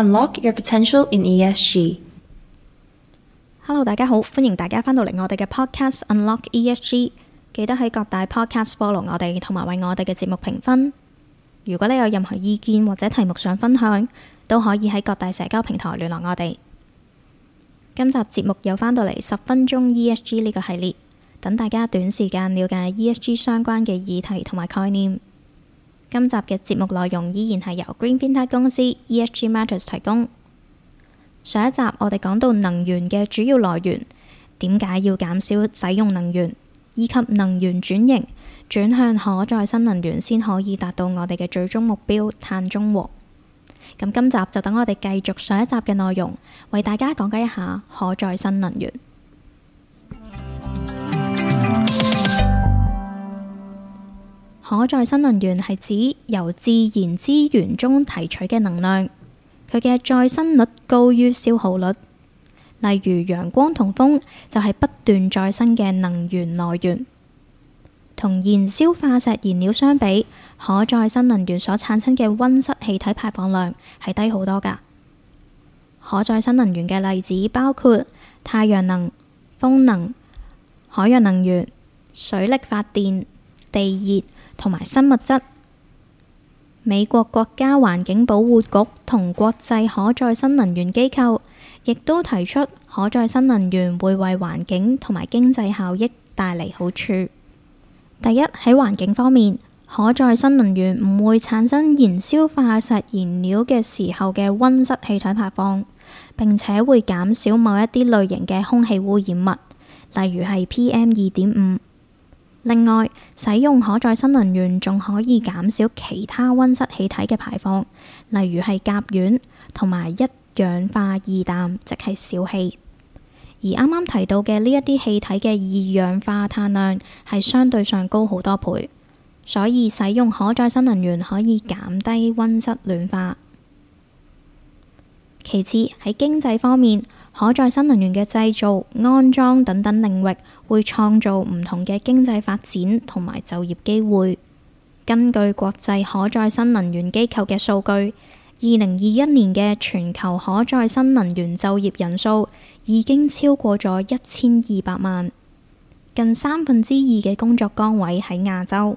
Unlock your potential in ESG. Hello，大家好，歡迎大家翻到嚟我哋嘅 Podcast Unlock ESG。記得喺各大 Podcast follow 我哋，同埋為我哋嘅節目評分。如果你有任何意見或者題目想分享，都可以喺各大社交平台聯絡我哋。今集節目又翻到嚟十分鐘 ESG 呢個系列，等大家短時間了解 ESG 相關嘅議題同埋概念。今集嘅節目內容依然係由 Greenbintech 公司、ESG Matters 提供。上一集我哋講到能源嘅主要來源，點解要減少使用能源，以及能源轉型轉向可再生能源先可以達到我哋嘅最終目標，碳中和。咁今集就等我哋繼續上一集嘅內容，為大家講解一下可再生能源。可再生能源係指由自然資源中提取嘅能量，佢嘅再生率高於消耗率。例如，陽光同風就係不斷再生嘅能源來源。同燃燒化石燃料相比，可再生能源所產生嘅溫室氣體排放量係低好多㗎。可再生能源嘅例子包括太陽能、風能、海洋能源、水力發電、地熱同埋生物質，美國國家環境保護局同國際可再生能源機構亦都提出，可再生能源會為環境同埋經濟效益帶嚟好處。第一，喺環境方面，可再生能源唔會產生燃燒化石燃料嘅時候嘅温室氣體排放，並且會減少某一啲類型嘅空氣污染物，例如係 PM 二點五。另外，使用可再生能源仲可以減少其他温室氣體嘅排放，例如係甲烷同埋一氧化二氮，即係笑氣。而啱啱提到嘅呢一啲氣體嘅二氧化碳量係相對上高好多倍，所以使用可再生能源可以減低温室暖化。其次，喺經濟方面，可再生能源嘅製造、安裝等等領域會創造唔同嘅經濟發展同埋就業機會。根據國際可再生能源機構嘅數據，二零二一年嘅全球可再生能源就業人數已經超過咗一千二百萬，近三分之二嘅工作崗位喺亞洲，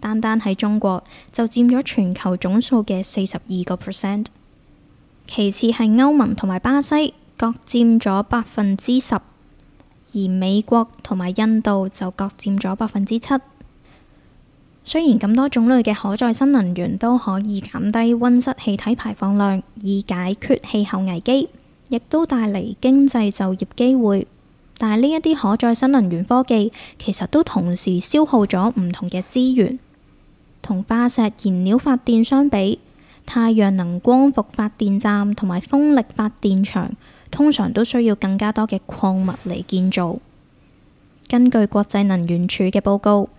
單單喺中國就佔咗全球總數嘅四十二個 percent。其次係歐盟同埋巴西各佔咗百分之十，而美國同埋印度就各佔咗百分之七。雖然咁多種類嘅可再生能源都可以減低温室氣體排放量，以解決氣候危機，亦都帶嚟經濟就業機會，但係呢一啲可再生能源科技其實都同時消耗咗唔同嘅資源，同化石燃料發電相比。太陽能光伏發電站同埋風力發電場通常都需要更加多嘅礦物嚟建造。根據國際能源署嘅報告，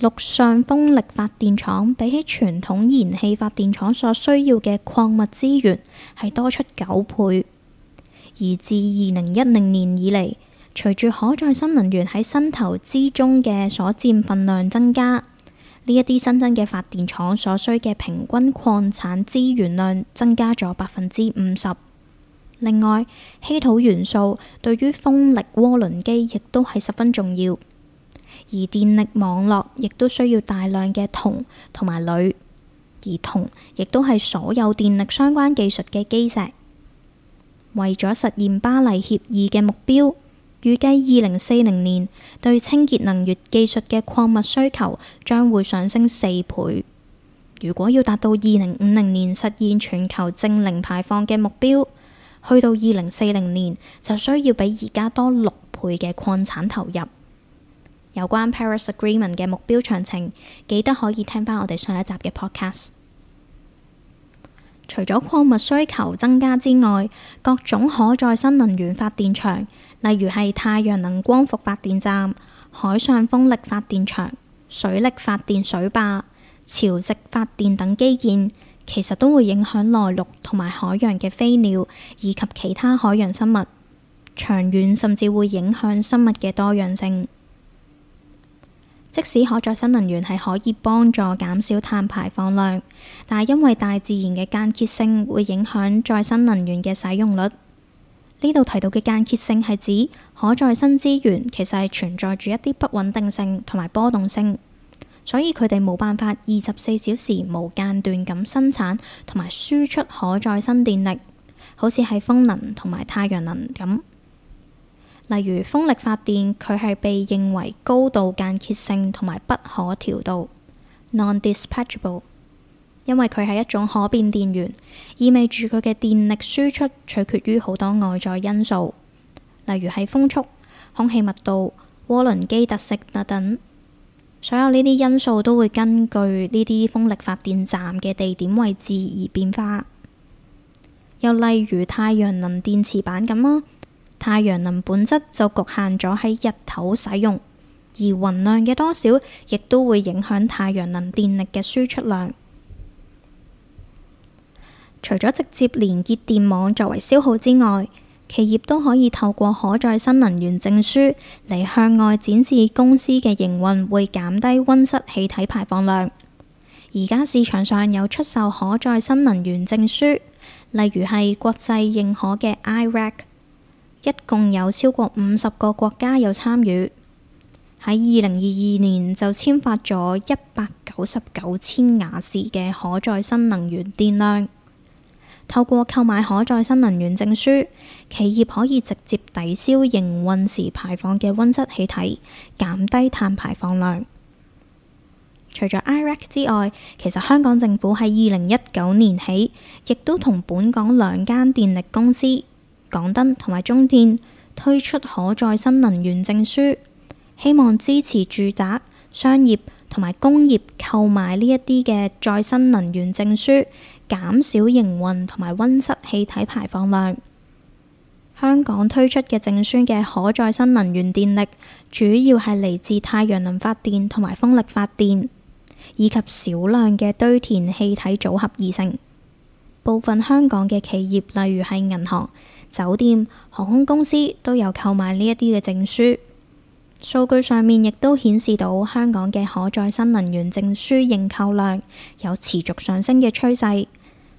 陸上風力發電廠比起傳統燃氣發電廠所需要嘅礦物資源係多出九倍。而自二零一零年以嚟，隨住可再生能源喺新投資中嘅所占份量增加，呢一啲新增嘅發電廠所需嘅平均礦產資源量增加咗百分之五十。另外，稀土元素對於風力渦輪機亦都係十分重要，而電力網絡亦都需要大量嘅銅同埋鋁，而銅亦都係所有電力相關技術嘅基石。為咗實現巴黎協議嘅目標，預計二零四零年對清潔能源技術嘅礦物需求將會上升四倍。如果要達到二零五零年實現全球淨零排放嘅目標，去到二零四零年就需要比而家多六倍嘅礦產投入。有關 Paris Agreement 嘅目標詳情，記得可以聽返我哋上一集嘅 Podcast。除咗礦物需求增加之外，各種可再生能源發電場，例如係太陽能光伏發電站、海上風力發電場、水力發電水壩、潮汐發電等基建，其實都會影響內陸同埋海洋嘅飛鳥以及其他海洋生物，長遠甚至會影響生物嘅多樣性。即使可再生能源係可以幫助減少碳排放量，但係因為大自然嘅間歇性會影響再生能源嘅使用率。呢度提到嘅間歇性係指可再生資源其實係存在住一啲不穩定性同埋波動性，所以佢哋冇辦法二十四小時無間斷咁生產同埋輸出可再生電力，好似係風能同埋太陽能咁。例如風力發電，佢係被認為高度間歇性同埋不可調度 （non-dispatchable），因為佢係一種可變電源，意味住佢嘅電力輸出取決於好多外在因素，例如係風速、空氣密度、渦輪機特色等等。所有呢啲因素都會根據呢啲風力發電站嘅地點位置而變化。又例如太陽能電池板咁咯。太陽能本質就局限咗喺日頭使用，而雲量嘅多少亦都會影響太陽能電力嘅輸出量。除咗直接連接電網作為消耗之外，企業都可以透過可再生能源證書嚟向外展示公司嘅營運會減低温室氣體排放量。而家市場上有出售可再生能源證書，例如係國際認可嘅 IREC。一共有超過五十個國家有參與，喺二零二二年就簽發咗一百九十九千瓦時嘅可再生能源電量。透過購買可再生能源證書，企業可以直接抵消營運時排放嘅温室氣體，減低碳排放量。除咗 IREC 之外，其實香港政府喺二零一九年起，亦都同本港兩間電力公司，港燈同埋中電推出可再生能源證書，希望支持住宅、商業同埋工業購買呢一啲嘅再生能源證書，減少營運同埋温室氣體排放量。香港推出嘅證書嘅可再生能源電力，主要係嚟自太陽能發電同埋風力發電，以及少量嘅堆填氣體組合而成。部分香港嘅企業，例如係銀行、酒店、航空公司，都有購買呢一啲嘅證書。數據上面亦都顯示到香港嘅可再生能源證書認購量有持續上升嘅趨勢，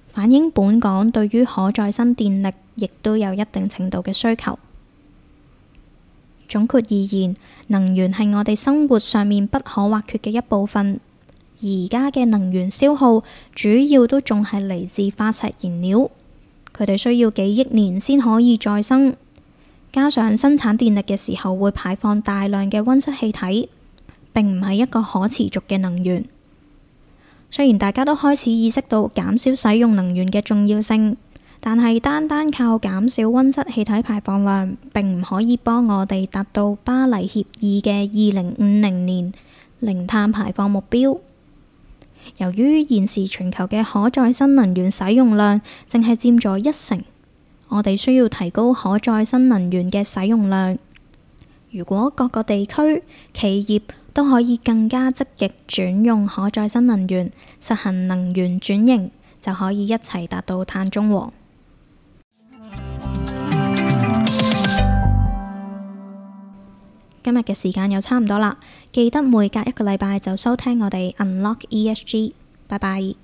反映本港對於可再生電力亦都有一定程度嘅需求。總括而言，能源係我哋生活上面不可或缺嘅一部分。而家嘅能源消耗主要都仲係嚟自化石燃料，佢哋需要幾億年先可以再生。加上生產電力嘅時候會排放大量嘅溫室氣體，並唔係一個可持續嘅能源。雖然大家都開始意識到減少使用能源嘅重要性，但係單單靠減少溫室氣體排放量，並唔可以幫我哋達到巴黎協議嘅二零五零年零碳排放目標。由於現時全球嘅可再生能源使用量淨係佔咗一成，我哋需要提高可再生能源嘅使用量。如果各個地區企業都可以更加積極轉用可再生能源，實行能源轉型，就可以一齊達到碳中和。今日嘅時間又差唔多喇，記得每隔一個禮拜就收聽我哋 Unlock ESG。拜拜。